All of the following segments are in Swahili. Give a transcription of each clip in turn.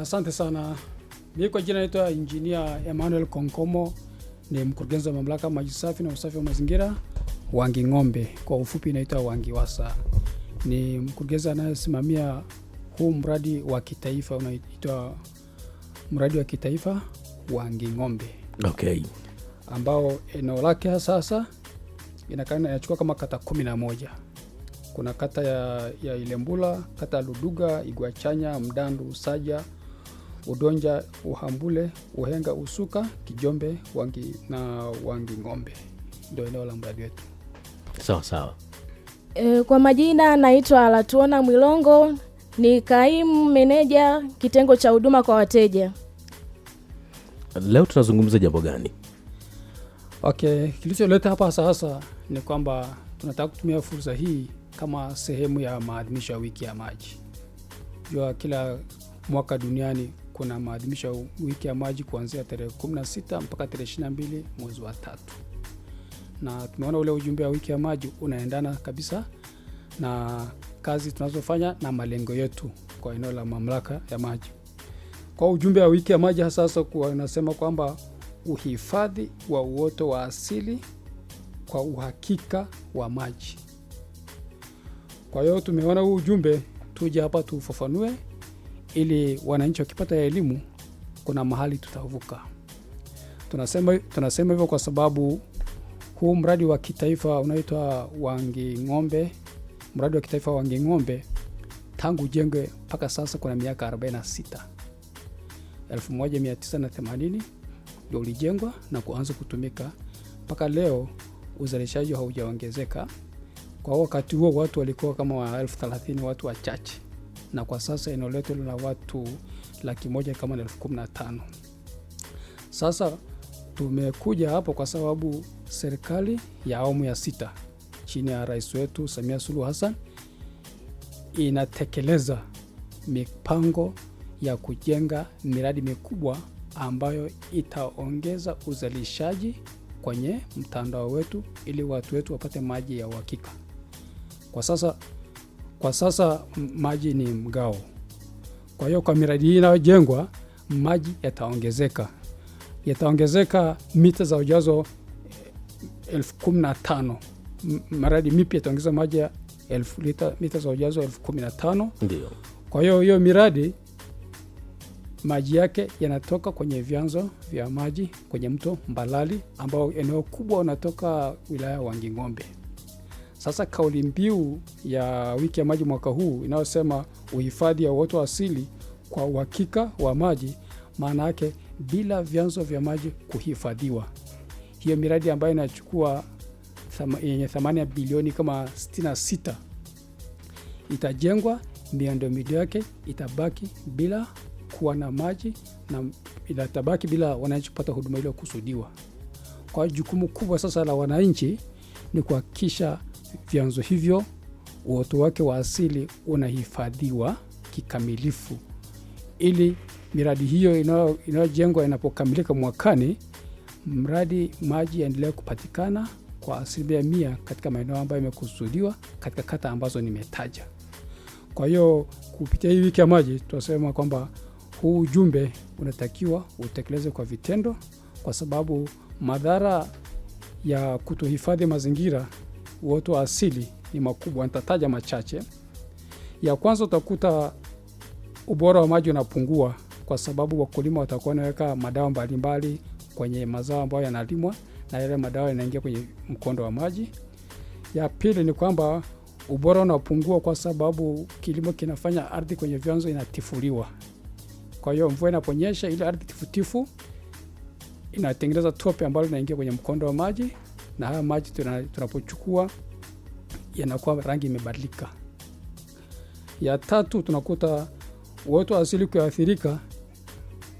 Asante sana. Mimi kwa jina naitwa Injinia Emmanuel Konkomo, ni mkurugenzi wa mamlaka maji safi na usafi wa mazingira Wangi Ng'ombe, kwa ufupi inaitwa Wangiwasa. Ni mkurugenzi anayesimamia huu mradi wa kitaifa unaitwa mradi wa kitaifa Wangi Ng'ombe, okay, ambao eneo lake sasa inachukua kama kata kumi na moja. Kuna kata ya, ya Ilembula, kata ya Luduga, Igwachanya, Mdandu, saja Udonja Uhambule Uhenga Usuka Kijombe Wangi na Wangi Ng'ombe, ndio eneo la mradi wetu. Sawa sawa. E, kwa majina naitwa Latuona Mwilongo ni kaimu meneja kitengo cha huduma kwa wateja. Leo tunazungumza jambo gani? ok kilicholeta hapa sasa ni kwamba tunataka kutumia fursa hii kama sehemu ya maadhimisho ya wiki ya maji. Jua kila mwaka duniani kuna maadhimisho ya wiki ya maji kuanzia tarehe 16 mpaka tarehe 22 mwezi wa tatu, na tumeona ule ujumbe wa wiki ya maji unaendana kabisa na kazi tunazofanya na malengo yetu kwa eneo la mamlaka ya maji. Kwa ujumbe wa wiki ya maji hasahasa unasema kwamba uhifadhi wa uoto wa asili kwa uhakika wa maji. Kwa hiyo tumeona huu ujumbe tuje hapa tuufafanue ili wananchi wakipata elimu, kuna mahali tutavuka. Tunasema, tunasema hivyo kwa sababu huu mradi wa kitaifa unaitwa Wanging'ombe, mradi wa kitaifa wa Wanging'ombe tangu ujengwe mpaka sasa kuna miaka 46. 1980 ndio ulijengwa na kuanza kutumika mpaka leo, uzalishaji haujaongezeka. Kwa wakati huo watu walikuwa kama wa 30 watu wachache na kwa sasa eneo letu lina watu laki moja kama na elfu kumi na tano. Sasa tumekuja hapo kwa sababu serikali ya awamu ya sita chini ya rais wetu Samia Suluhu Hassan inatekeleza mipango ya kujenga miradi mikubwa ambayo itaongeza uzalishaji kwenye mtandao wetu ili watu wetu wapate maji ya uhakika. Kwa sasa kwa sasa maji ni mgao, kwa hiyo kwa miradi hii inayojengwa maji yataongezeka, yataongezeka mita za ujazo eh, elfu kumi na tano. Miradi mipya itaongeza maji ya mita za ujazo elfu kumi na tano. Ndio, kwa hiyo hiyo miradi maji yake yanatoka kwenye vyanzo vya maji kwenye mto Mbalali ambao eneo kubwa unatoka wilaya Wanging'ombe. Sasa kauli mbiu ya wiki ya maji mwaka huu inayosema uhifadhi ya uoto wa asili kwa uhakika wa maji, maana yake bila vyanzo vya maji kuhifadhiwa. Hiyo miradi ambayo inachukua yenye thamani ya bilioni kama 66 itajengwa, miundombinu yake itabaki bila kuwa na maji na itabaki bila wananchi kupata huduma iliyokusudiwa. Kwa jukumu kubwa sasa la wananchi ni kuhakikisha vyanzo hivyo, uoto wake wa asili unahifadhiwa kikamilifu ili miradi hiyo inayojengwa inapokamilika mwakani, mradi maji yaendelee kupatikana kwa asilimia mia katika maeneo ambayo imekusudiwa katika kata ambazo nimetaja. Kwa hiyo kupitia hii wiki ya maji tunasema kwamba huu ujumbe unatakiwa utekeleze kwa vitendo, kwa sababu madhara ya kutohifadhi mazingira uoto wa asili ni makubwa, nitataja machache. Ya kwanza utakuta ubora wa maji unapungua kwa sababu wakulima watakuwa wanaweka madawa mbalimbali kwenye mazao ambayo yanalimwa na yale madawa yanaingia kwenye mkondo wa maji. Ya pili ni kwamba ubora unapungua kwa sababu kilimo kinafanya ardhi kwenye vyanzo inatifuliwa. Kwa hiyo mvua inaponyesha ile ardhi tifutifu inatengeneza tope ambalo inaingia kwenye mkondo wa maji na haya maji tunapochukua yanakuwa rangi imebadilika. Ya tatu tunakuta uoto wa asili kuathirika,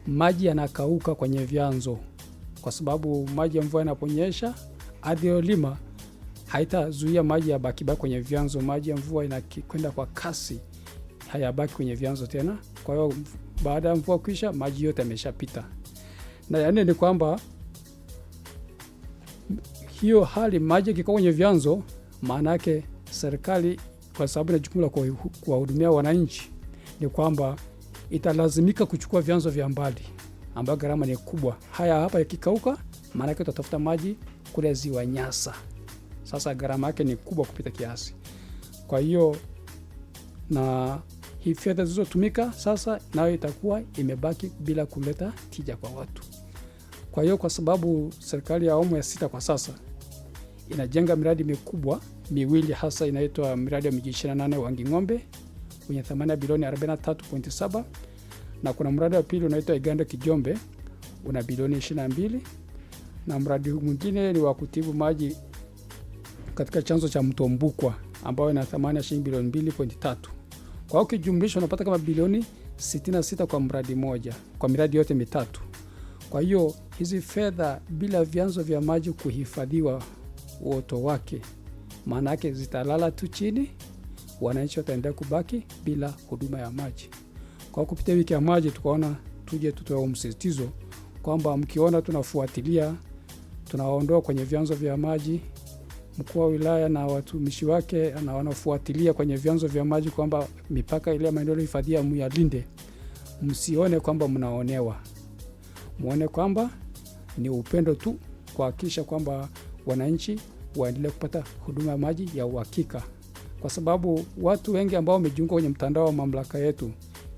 maji yanakauka kwenye vyanzo, kwa sababu maji ya mvua yanaponyesha, ardhi haitazuia maji ya bakiba kwenye vyanzo. Maji ya mvua inakwenda kwa kasi, hayabaki kwenye vyanzo tena. Kwa hiyo baada ya mvua kuisha, maji yote yameshapita. Na yanne ni kwamba hiyo hali maji ikikuwa kwenye vyanzo, maana yake serikali kwa sababu na jukumu la kuwahudumia wananchi, ni kwamba italazimika kuchukua vyanzo vya mbali ambayo gharama ni kubwa. Haya hapa yakikauka, maana yake utatafuta maji kule ziwa Nyasa. Sasa gharama yake ni kubwa kupita kiasi. Kwa hiyo na hii fedha zilizotumika sasa nayo itakuwa imebaki bila kuleta tija kwa watu. Kwa hiyo kwa sababu serikali ya awamu ya sita kwa sasa inajenga miradi mikubwa miwili hasa inaitwa miradi ya miji 28 ngombe wenye thamani ya bilioni 43.7 na kuna mradi wa pili unaitwa Iganda Kijombe una bilioni 22 na mradi mwingine ni wa kutibu maji katika chanzo cha mto Mbukwa ambayo ina thamani ya shilingi bilioni 2.3. Kwa hiyo kijumlisho unapata kama bilioni 66 kwa mradi moja, kwa miradi yote mitatu. Kwa hiyo hizi fedha bila vyanzo vya maji kuhifadhiwa uoto wake, maana yake zitalala tu chini, wananchi wataendelea kubaki bila huduma ya maji. Kwa kupitia wiki ya maji, tukaona tuje tutoe msisitizo kwamba mkiona tunafuatilia, tunawaondoa kwenye vyanzo vya maji, mkuu wa wilaya na watumishi wake na wanafuatilia kwenye vyanzo vya maji kwamba mipaka ile ya maeneo hifadhi ya muyalinde, msione kwamba mnaonewa mwone kwamba ni upendo tu kuhakikisha kwamba wananchi waendelee kupata huduma ya maji ya uhakika, kwa sababu watu wengi ambao wamejiunga kwenye mtandao wa mamlaka yetu,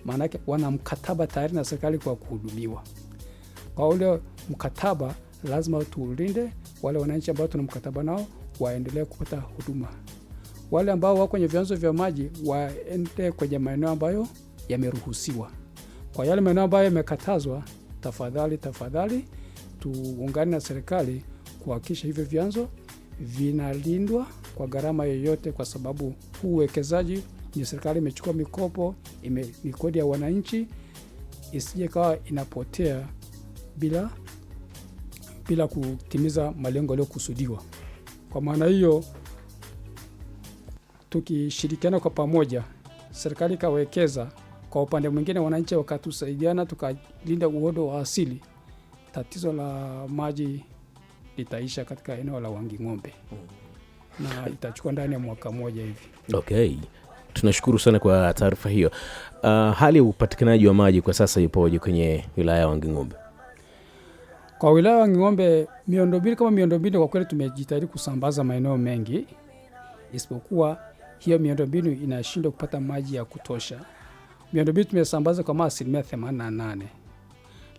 maanake wana mkataba tayari na serikali kwa kuhudumiwa. Kwa ule mkataba lazima tuulinde, wale wananchi ambao tuna mkataba nao waendelee kupata huduma. Wale ambao wako kwenye vyanzo vya maji waende kwenye maeneo ambayo yameruhusiwa. Kwa yale maeneo ambayo yamekatazwa tafadhali tafadhali tuungane na serikali kuhakikisha hivyo vyanzo vinalindwa kwa gharama yoyote, kwa sababu huu uwekezaji ni serikali imechukua mikopo ime, ni kodi ya wananchi, isije kawa inapotea bila, bila kutimiza malengo yaliyokusudiwa. Kwa maana hiyo, tukishirikiana kwa pamoja, serikali ikawekeza kwa upande mwingine, wananchi wakatusaidiana, tukalinda uodo wa asili, tatizo la maji litaisha katika eneo la Wanging'ombe mm. na itachukua ndani ya mwaka mmoja hivi. Okay, tunashukuru sana kwa taarifa hiyo. Uh, hali ya upatikanaji wa maji kwa sasa ipoje kwenye wilaya ya Wanging'ombe? Kwa wilaya ya Wanging'ombe miundombinu kama miundombinu, kwa kweli tumejitahidi kusambaza maeneo mengi, isipokuwa hiyo miundombinu inashindwa kupata maji ya kutosha miundombinu tumesambaza kwa asilimia 88,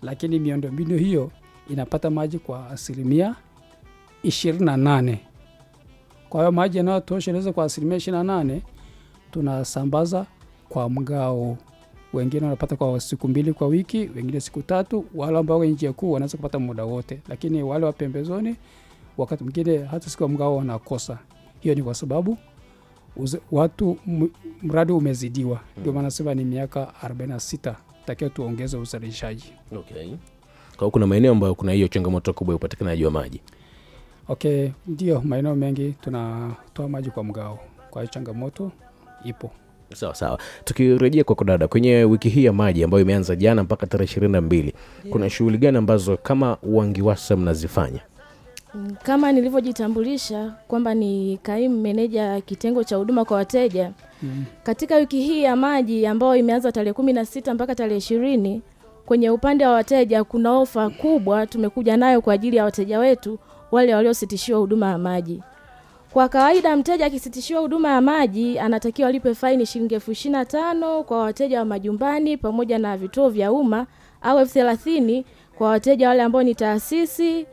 lakini miundombinu hiyo inapata maji kwa asilimia 28. Kwa hiyo maji yanayotosheleza kwa asilimia 28 tunasambaza kwa mgao. Wengine wanapata kwa siku mbili kwa wiki, wengine siku tatu. Wale ambao njia kuu wanaweza kupata muda wote, lakini wale wa pembezoni wakati mwingine hata siku ya mgao wanakosa. Hiyo ni kwa sababu watu mradi umezidiwa, ndio maana sasa ni miaka 46 takiwa tuongeze uzalishaji. Okay. Kwa kuna maeneo ambayo kuna hiyo changamoto kubwa ya upatikanaji wa maji. Okay, ndio maeneo mengi tunatoa maji kwa mgao, kwa hiyo changamoto ipo. Sawa sawa, tukirejea kwa dada, kwenye wiki hii ya maji ambayo imeanza jana mpaka tarehe ishirini na mbili, kuna shughuli gani ambazo kama wangiwasa mnazifanya? Kama nilivyojitambulisha kwamba ni kaimu meneja kitengo cha huduma kwa wateja mm. Katika wiki hii ya maji ambayo imeanza tarehe kumi na sita mpaka tarehe ishirini kwenye upande wa wateja kuna ofa kubwa tumekuja nayo kwa ajili ya wateja wetu wale waliositishiwa huduma ya maji. Kwa kawaida mteja akisitishiwa huduma ya maji anatakiwa alipe faini shilingi elfu ishirini na tano kwa wateja wa majumbani pamoja na vituo vya umma au elfu thelathini kwa wateja wale ambao ni taasisi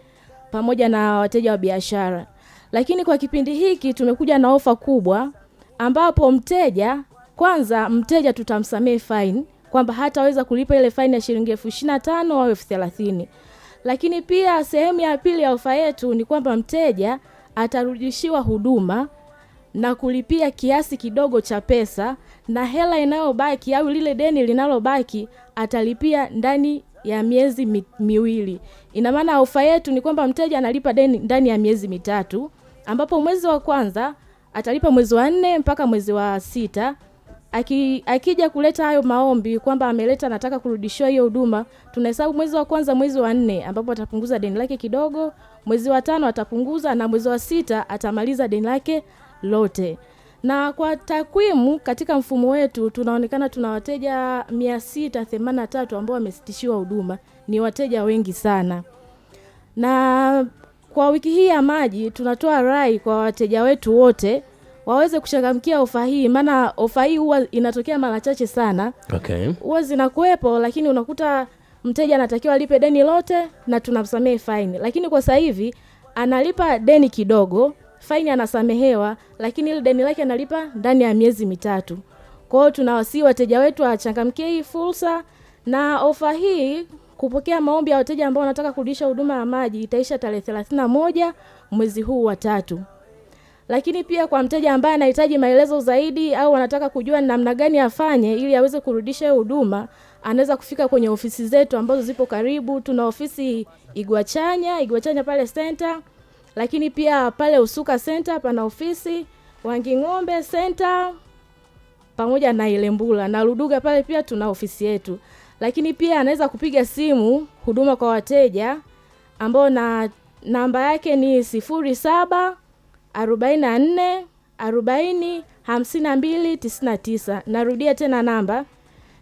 pamoja na wateja wa biashara. Lakini kwa kipindi hiki tumekuja na ofa kubwa, ambapo mteja kwanza, mteja tutamsamehe fine kwamba hataweza kulipa ile fine ya shilingi elfu ishirini na tano au elfu thelathini lakini pia sehemu ya pili ya ofa yetu ni kwamba mteja atarudishiwa huduma na kulipia kiasi kidogo cha pesa na hela inayobaki au lile deni linalobaki atalipia ndani ya miezi mi, miwili. Ina maana ofa yetu ni kwamba mteja analipa deni ndani ya miezi mitatu, ambapo mwezi wa kwanza atalipa mwezi wa nne mpaka mwezi wa sita. Aki, akija kuleta hayo maombi kwamba ameleta anataka kurudishiwa hiyo huduma, tunahesabu mwezi wa kwanza, mwezi wa nne, ambapo atapunguza deni lake kidogo, mwezi wa tano atapunguza, na mwezi wa sita atamaliza deni lake lote na kwa takwimu katika mfumo wetu tunaonekana tuna wateja 683 ambao wamesitishiwa huduma, ni wateja wengi sana. Na kwa wiki hii ya maji tunatoa rai kwa wateja wetu wote waweze kuchangamkia ofa hii, maana ofa hii huwa inatokea mara chache sana. Okay, huwa zinakuwepo, lakini unakuta mteja anatakiwa alipe deni lote na tunamsamehe faini, lakini kwa sasa hivi analipa deni kidogo faini anasamehewa, lakini ile deni lake analipa ndani ya miezi mitatu. Kwa hiyo tunawasihi wateja wetu wachangamkie hii fursa na ofa hii. Kupokea maombi ya wateja ambao wanataka kurudisha huduma ya maji itaisha tarehe thelathini moja mwezi huu wa tatu. Lakini pia kwa mteja ambaye anahitaji maelezo zaidi au anataka kujua ni namna gani afanye ili aweze kurudisha huduma, anaweza kufika kwenye ofisi zetu ambazo zipo karibu. Tuna ofisi Igwachanya, Igwachanya pale center lakini pia pale Usuka Center pana ofisi Wanging'ombe Center pamoja na Ilembula na Luduga pale pia tuna ofisi yetu, lakini pia anaweza kupiga simu huduma kwa wateja ambao na namba yake ni sifuri saba arobaini na nne arobaini hamsini na mbili tisini na tisa. Narudia tena namba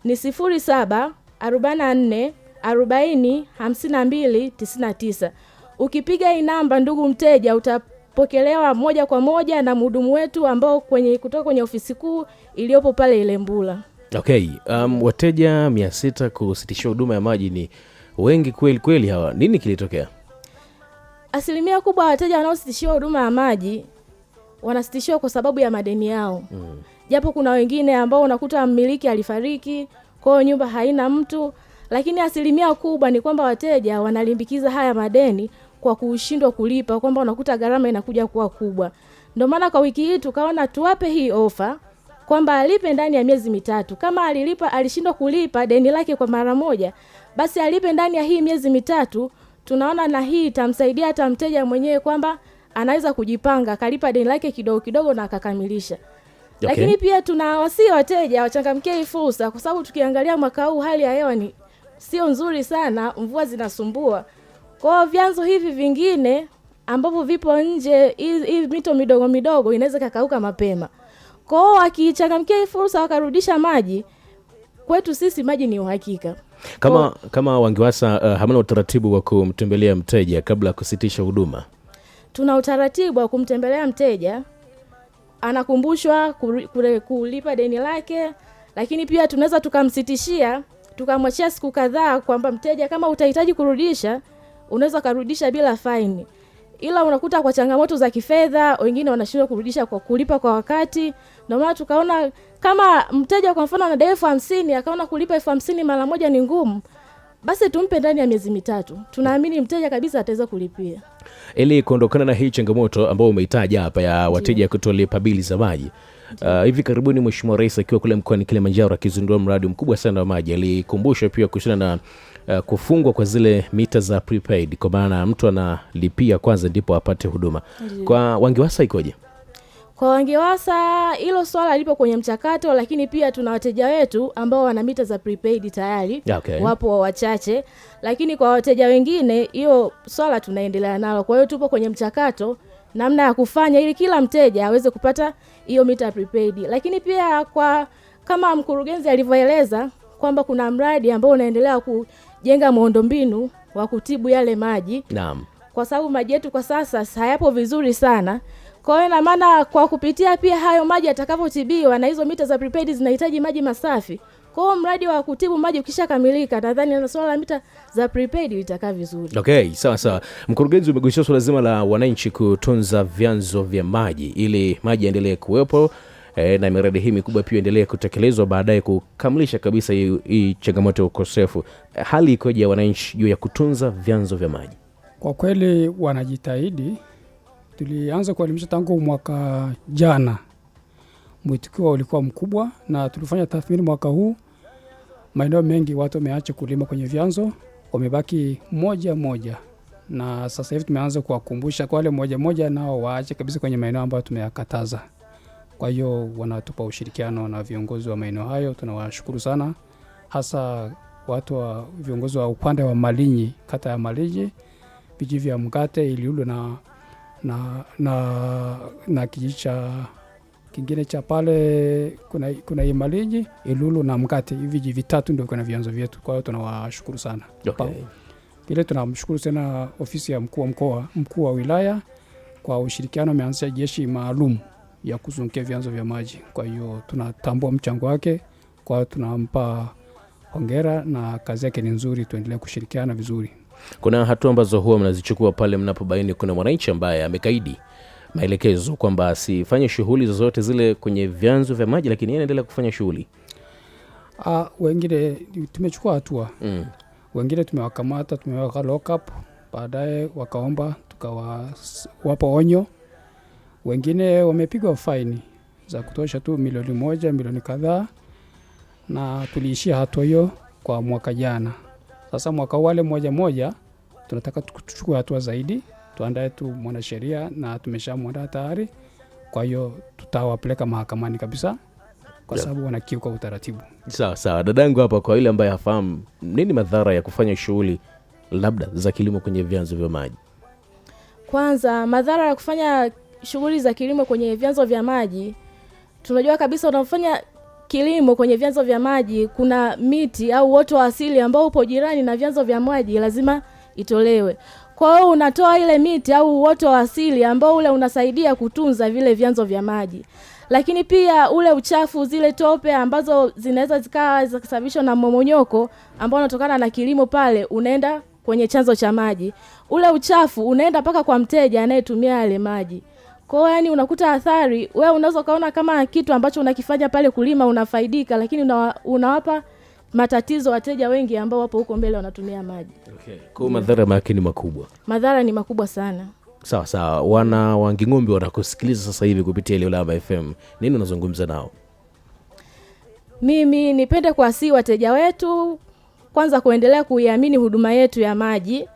ni sifuri saba arobaini na nne arobaini hamsini na mbili tisini na tisa. Ukipiga hii namba, ndugu mteja, utapokelewa moja kwa moja na mhudumu wetu ambao kwenye kutoka kwenye ofisi kuu iliyopo pale Ilembula. Okay, um, wateja mia sita kusitisha huduma ya maji ni wengi kweli kweli. Hawa nini kilitokea? Asilimia kubwa wateja wanaositishiwa huduma ya maji wanasitishiwa kwa sababu ya madeni yao mm. Japo kuna wengine ambao unakuta mmiliki alifariki, kwa hiyo nyumba haina mtu, lakini asilimia kubwa ni kwamba wateja wanalimbikiza haya madeni kwa kushindwa kulipa, kwamba unakuta gharama inakuja kuwa kubwa. Ndio maana kwa wiki hii tukaona tuwape hii ofa kwamba alipe ndani ya miezi mitatu. Kama alilipa alishindwa kulipa deni lake kwa mara moja, basi alipe ndani ya hii miezi mitatu. Tunaona na hii itamsaidia hata mteja mwenyewe kwamba anaweza kujipanga akalipa deni lake kidogo kidogo na akakamilisha. Okay. Lakini pia tunawasii wateja wachangamkie hii fursa, kwa sababu tukiangalia mwaka huu hali ya hewa ni sio nzuri sana, mvua zinasumbua. Kwa vyanzo hivi vingine ambavyo vipo nje, hii mito midogo midogo inaweza kakauka mapema. Kwa hiyo wakichangamkia hii fursa wakarudisha maji kwetu sisi, maji ni uhakika kama kwa, kama Wangiwasa uh, hamna utaratibu wa kumtembelea mteja kabla ya kusitisha huduma? Tuna utaratibu wa kumtembelea mteja, anakumbushwa kulipa deni lake, lakini pia tunaweza tukamsitishia tukamwachia siku kadhaa, kwamba mteja, kama utahitaji kurudisha unaweza ukarudisha bila faini, ila unakuta kwa changamoto za kifedha wengine wanashindwa kurudisha kwa kulipa kwa wakati. Ndio maana tukaona kama mteja kwa mfano anadai elfu hamsini akaona kulipa elfu hamsini mara moja ni ngumu, basi tumpe ndani ya miezi mitatu, tunaamini mteja kabisa ataweza kulipia. Ili kuondokana na hii changamoto ambayo umeitaja hapa ya wateja kutolipa bili za maji Uh, hivi karibuni Mheshimiwa Rais akiwa kule mkoani Kilimanjaro akizindua mradi mkubwa sana wa maji alikumbusha pia kuhusiana na uh, kufungwa kwa zile mita za prepaid, kwa maana mtu analipia kwanza ndipo apate huduma. Kwa Wangiwasa ikoje? Kwa Wangiwasa hilo swala lipo kwenye mchakato, lakini pia tuna wateja wetu ambao wana mita za prepaid tayari. Okay. Wapo wachache, lakini kwa wateja wengine hiyo swala tunaendelea nalo, kwa hiyo tupo kwenye mchakato namna ya kufanya ili kila mteja aweze kupata hiyo mita prepaid. Lakini pia kwa kama mkurugenzi alivyoeleza kwamba kuna mradi ambao unaendelea ku, jenga muundombinu wa kutibu yale maji. Naam. Kwa sababu maji yetu kwa sasa hayapo vizuri sana. Kwa hiyo maana kwa kupitia pia hayo maji atakapotibiwa na hizo mita za prepaid zinahitaji maji masafi. Kwa hiyo mradi wa kutibu maji ukishakamilika, nadhani na swala la mita za prepaid litakaa vizuri. Okay, sawa sawa. Mkurugenzi, umegusia swala zima la wananchi kutunza vyanzo vya maji ili maji yaendelee kuwepo e, na miradi hii mikubwa pia endelee kutekelezwa baadaye kukamilisha kabisa hii changamoto ya ukosefu. Eh, hali ikoje ya wananchi juu ya kutunza vyanzo vya maji? Kwa kweli wanajitahidi. Tulianza kuelimisha tangu mwaka jana, mwitikio ulikuwa mkubwa, na tulifanya tathmini mwaka huu, maeneo mengi watu wameacha kulima kwenye vyanzo, wamebaki moja moja, na sasa hivi tumeanza kuwakumbusha kwa wale moja moja, nao waache kabisa kwenye maeneo ambayo tumeyakataza. Kwa hiyo wanatupa ushirikiano na viongozi wa maeneo hayo, tunawashukuru sana, hasa watu wa viongozi wa upande wa Malinyi, kata ya Malinyi, vijiji vya Mgate, Iliulu na, na, na, na kijiji cha kingine cha pale kuna, kuna Imalinyi, Ilulu na Mgate. Hivi vijiji vitatu ndio kuna vyanzo vyetu, kwa hiyo tunawashukuru sana okay. Vile tunamshukuru tena ofisi ya mkuu wa mkoa, mkuu wa wilaya kwa ushirikiano ameanzisha jeshi maalum ya kuzungukia vyanzo vya maji. Kwa hiyo tunatambua mchango wake, kwa hiyo tunampa hongera na kazi yake ni nzuri, tuendelee kushirikiana vizuri. Kuna hatua ambazo huwa mnazichukua pale mnapobaini kuna mwananchi ambaye amekaidi maelekezo kwamba asifanye shughuli zozote zile kwenye vyanzo vya maji, lakini yeye anaendelea kufanya shughuli. Uh, wengine tumechukua hatua mm. Wengine tumewakamata tumeweka baadaye wakaomba tukawapa onyo wengine wamepigwa faini za kutosha tu milioni moja, milioni kadhaa, na tuliishia hatua hiyo kwa mwaka jana. Sasa mwaka wale moja moja tunataka tuchukue hatua zaidi, tuandae tu mwanasheria na tumeshamwandaa tayari. Kwa hiyo tutawapeleka mahakamani kabisa kwa sababu yeah, wanakiuka utaratibu. Sawa sawa, dadangu hapa, kwa yule ambaye hafahamu, nini madhara ya kufanya shughuli labda za kilimo kwenye vyanzo vya maji? Kwanza madhara ya kufanya shughuli za kilimo kwenye vyanzo vya maji, tunajua kabisa unafanya kilimo kwenye vyanzo vya maji, kuna miti au uoto wa asili ambao upo jirani na vyanzo vya maji, lazima itolewe. Kwa hiyo unatoa ile miti au uoto wa asili ambao ule unasaidia kutunza vile vyanzo vya maji, lakini pia ule uchafu, zile tope ambazo zinaweza zikawa zikasababishwa na mmomonyoko ambao unatokana na kilimo pale, unaenda kwenye chanzo cha maji. Ule uchafu unaenda mpaka kwa mteja anayetumia yale maji. Kwa hiyo yani, unakuta athari, wewe unaweza ukaona kama kitu ambacho unakifanya pale kulima unafaidika, lakini una, unawapa matatizo wateja wengi ambao wapo huko mbele wanatumia maji. Okay. Kwa madhara yake ni makubwa, madhara ni makubwa sana. Sawa sawa, wana Wanging'ombe wanakusikiliza sasa hivi kupitia Ilolava FM, nini unazungumza nao? Mimi nipende kuwasihi wateja wetu kwanza kuendelea kuiamini huduma yetu ya maji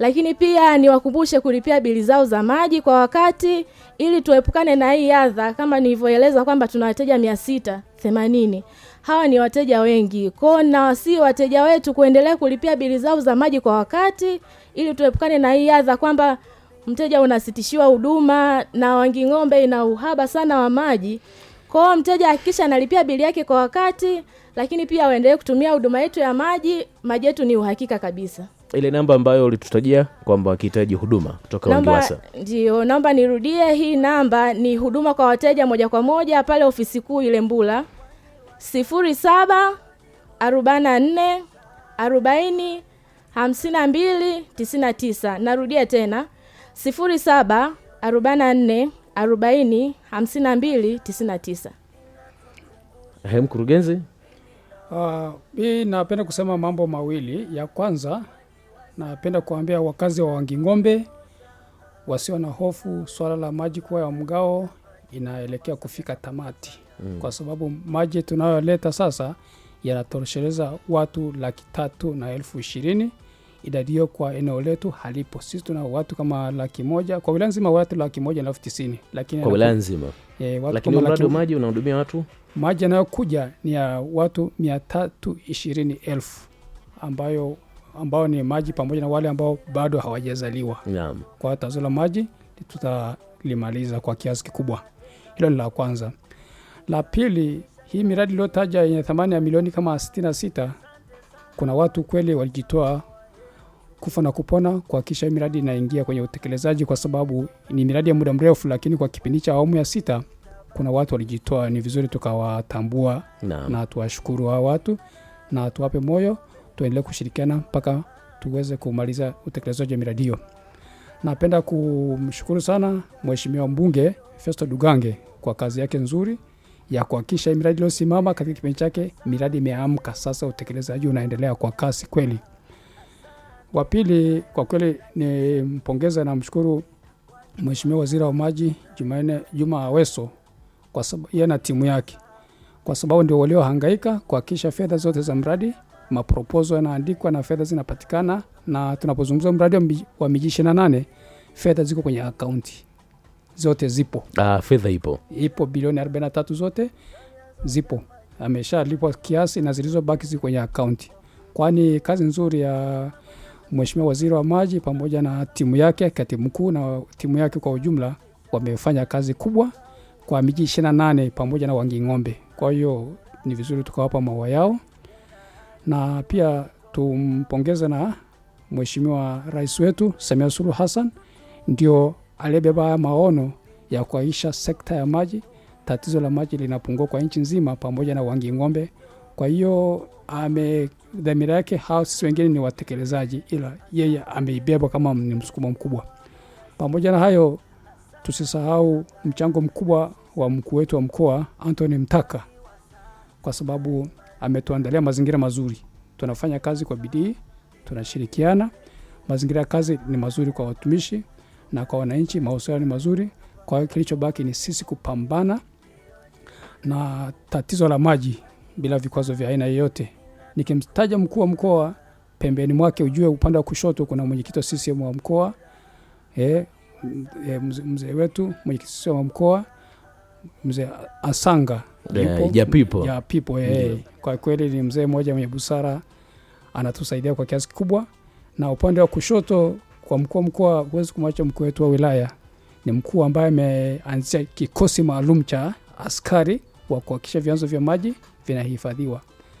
lakini pia niwakumbushe kulipia bili zao za maji kwa wakati ili tuepukane na hii adha. Kama nilivyoeleza kwamba tuna wateja mia sita themanini hawa ni wateja wengi kwao, na wasi wateja wetu kuendelea kulipia bili zao za maji kwa wakati ili tuepukane na hii adha kwamba mteja unasitishiwa huduma. Na Wanging'ombe ina uhaba sana wa maji, kwao mteja hakikisha analipia bili yake kwa wakati, lakini pia waendelee kutumia huduma yetu ya maji. Maji yetu ni uhakika kabisa ile namba ambayo ulitutajia kwamba wakihitaji huduma kutoka Wangiwasa. Ndio, naomba nirudie hii namba, ni huduma kwa wateja moja kwa moja pale ofisi kuu ile Mbula, sifuri saba na nne arobaini hamsini na mbili tisini na tisa. Narudia tena sifuri saba na nne arobaini hamsini na mbili tisini na tisa. He, mkurugenzi, hii ah, uh, napenda kusema mambo mawili. Ya kwanza Napenda kuambia wakazi wa Wanging'ombe wasio na hofu, swala la maji kuwa ya mgao inaelekea kufika tamati mm. kwa sababu maji tunayoleta sasa yanatosheleza watu laki tatu na elfu ishirini idadi hiyo kwa eneo letu halipo. Sisi tuna watu kama laki moja kwa wilaya nzima, watu laki moja na elfu tisini lakini kwa wilaya nzima e, lakini mradi wa maji unahudumia watu, maji yanayokuja ni ya watu mia tatu ishirini elfu ambayo ambao ni maji pamoja na wale ambao bado hawajazaliwa. Naam. Kwa tatizo la maji tutalimaliza kwa kiasi kikubwa. Hilo ni la kwanza. La pili, hii miradi iliyotaja yenye thamani ya milioni kama 66, kuna watu kweli walijitoa kufa na kupona kuhakikisha hii miradi inaingia kwenye utekelezaji, kwa sababu ni miradi ya muda mrefu, lakini kwa kipindi cha awamu ya sita kuna watu walijitoa. Ni vizuri tukawatambua na tuwashukuru hao watu na tuwape moyo tuendelee kushirikiana mpaka tuweze kumaliza utekelezaji wa miradi hiyo. Napenda kumshukuru sana Mheshimiwa Mbunge Festo Dugange kwa kazi yake nzuri ya kuhakikisha miradi iliyosimama katika kipindi chake, miradi imeamka sasa, utekelezaji unaendelea kwa kasi kweli. Wa pili kwa kweli ni mpongeza na mshukuru Mheshimiwa Waziri wa Maji Jumanne Juma Aweso kwa sababu yeye na timu yake, kwa sababu ndio waliohangaika kuhakikisha fedha zote za mradi maproposal yanaandikwa na fedha zinapatikana, na tunapozungumza mradi wa miji ishirini na nane fedha ziko kwenye akaunti zote, zipo ah, fedha ipo ipo, bilioni 43 zote zipo, ameshalipwa kiasi na zilizobaki ziko kwenye akaunti. Kwani kazi nzuri ya Mheshimiwa Waziri wa Maji pamoja na timu yake, katibu mkuu na timu yake kwa ujumla, wamefanya kazi kubwa kwa miji 28 pamoja na Wanging'ombe. Kwa hiyo ni vizuri tukawapa maua yao na pia tumpongeze na Mheshimiwa Rais wetu Samia Suluhu Hassan ndio aliyebeba maono ya kuaisha sekta ya maji. Tatizo la maji linapungua kwa nchi nzima pamoja na wangi ng'ombe Kwa hiyo ame dhamira yake, hao sisi wengine ni watekelezaji, ila yeye ameibeba kama ni msukumo mkubwa. Pamoja na hayo, tusisahau mchango mkubwa wa mkuu wetu wa mkoa Anthony Mtaka, kwa sababu ametuandalia mazingira mazuri, tunafanya kazi kwa bidii, tunashirikiana. Mazingira ya kazi ni mazuri kwa watumishi na kwa wananchi, mahusiano ni mazuri. Kwa hiyo kilichobaki ni sisi kupambana na tatizo la maji bila vikwazo vya aina yoyote. Nikimtaja mkuu wa mkoa pembeni mwake, ujue upande wa kushoto kuna mwenyekiti wa CCM wa mkoa, e, mzee wetu mwenyekiti wa mkoa mzee Asanga Japipo yeah, pipo yeah. Yeah. Kwa kweli ni mzee mmoja mwenye busara, anatusaidia kwa kiasi kikubwa. Na upande wa kushoto kwa mkuu wa mkoa, huwezi kumwacha mkuu wetu wa wilaya, ni mkuu ambaye ameanzisha kikosi maalum cha askari wa kuhakikisha vyanzo vya maji vinahifadhiwa.